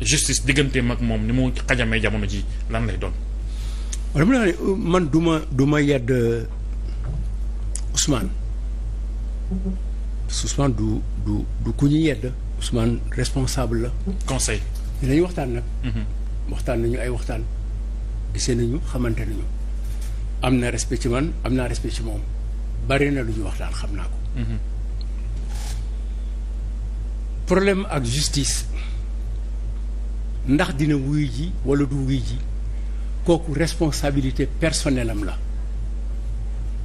justice digganteem ak moom ni mu xajamee jamono ji lan lay doon. wala mu ne euh, man du ma du ma yedd euh, Ousmane parce que Ousmane du du du ku ñu yedd Ousmane responsable la. conseil. dinañ waxtaan nag. Mhm. waxtaan nañu ay waxtaan. gisee nañu xamante nañu. am na respect ci man am naa respect ci moom bari na lu ñu waxtaan xam naa ko. Mhm. problème ak justice. ndax dina wuy ji wala du wuy ji kooku responsabilité personnelle am la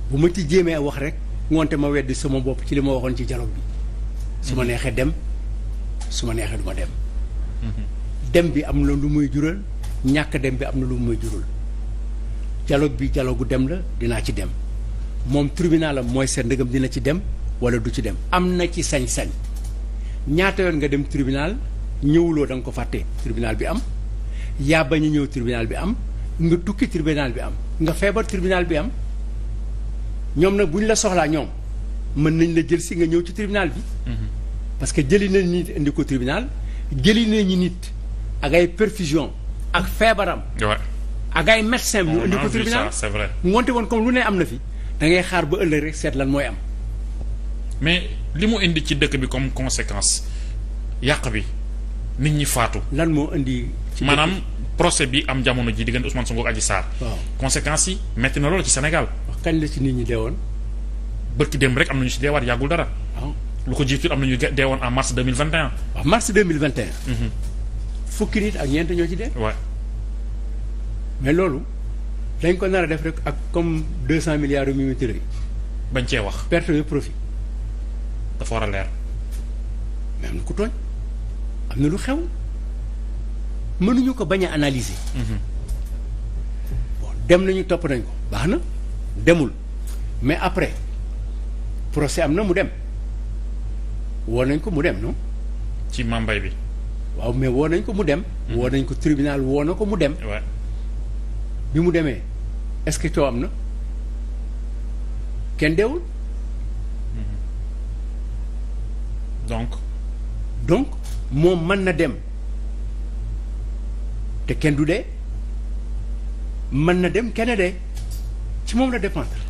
bu ma ci jéemee wax rek ngoonte ma weddi sama bopp ci li ma waxoon ci dialogue bi su ma mhm. neexee dem su ma neexee du ma dem mhm. dem bi am na lu muy jural ñàkk dem bi am na lu muy jural dialogue bi dialogue dem la dinaa ci dem moom tribunal mooy seet ndegam dina ci dem wala du ci dem am na ci sañ-sañ ñaata yoon nga dem tribunal ñëwuloo danga ko fàtte tribunal bi am yaa bañ a ñëw tribunal bi am nga tukki tribunal bi am nga feebar tribunal bi am ñoom nag bu ñu la soxlaa ñoom mën nañ la jël si nga ñëw ci tribunal bi. Mhm. parce que jëli nañ nit indi ko tribunal jëli nañu nit ak ay perfusion ak feebaram. ak ay médecin ñu indi ko tribunal mu vrai. woon comme lu ne am na fi da ngay xaar ba ëllëg rek seet lan mooy am. mais li mu indi ci dëkk bi comme conséquence yàq bi. nit ñi faatu. lan moo indi. maanaam procès bi am jamono ji diggante Ousmane Sonko ak Adji Sarr. conséquence yi metti na loolu ci Sénégal. kañ la ci nit ñi deewoon. bërki démb rek am na ñu si deewaat yàggul dara. Ah. lu ko jiitu am na ñu deewoon en mars deux mille vingt et un. waaw ah, mars deux mhm. fukki nit ak ñeent ñoo ci dee. waaw mais loolu dañ ko nar def rek ak comme deux cent milliards yu Mimi Touré. bañ cee wax perte de profit. dafa war a leer. mais am ku tooñ. am na lu xew mënuñu ko bañ a analyser. Mhm. bon dem nañu topp nañ ko baax na demul mais après procès am na mu dem woo nañ ko mu dem non. ci mambay bi. waaw mais woo nañ ko mu dem. Mhm. woo nañ ko tribunal woo na ko mu dem. bi mu demee est-ce que am na kenn deewul. Mhm. donc. donc. moom mën na dem te kenn du dee mën na dem kenn dee ci moom la dépendre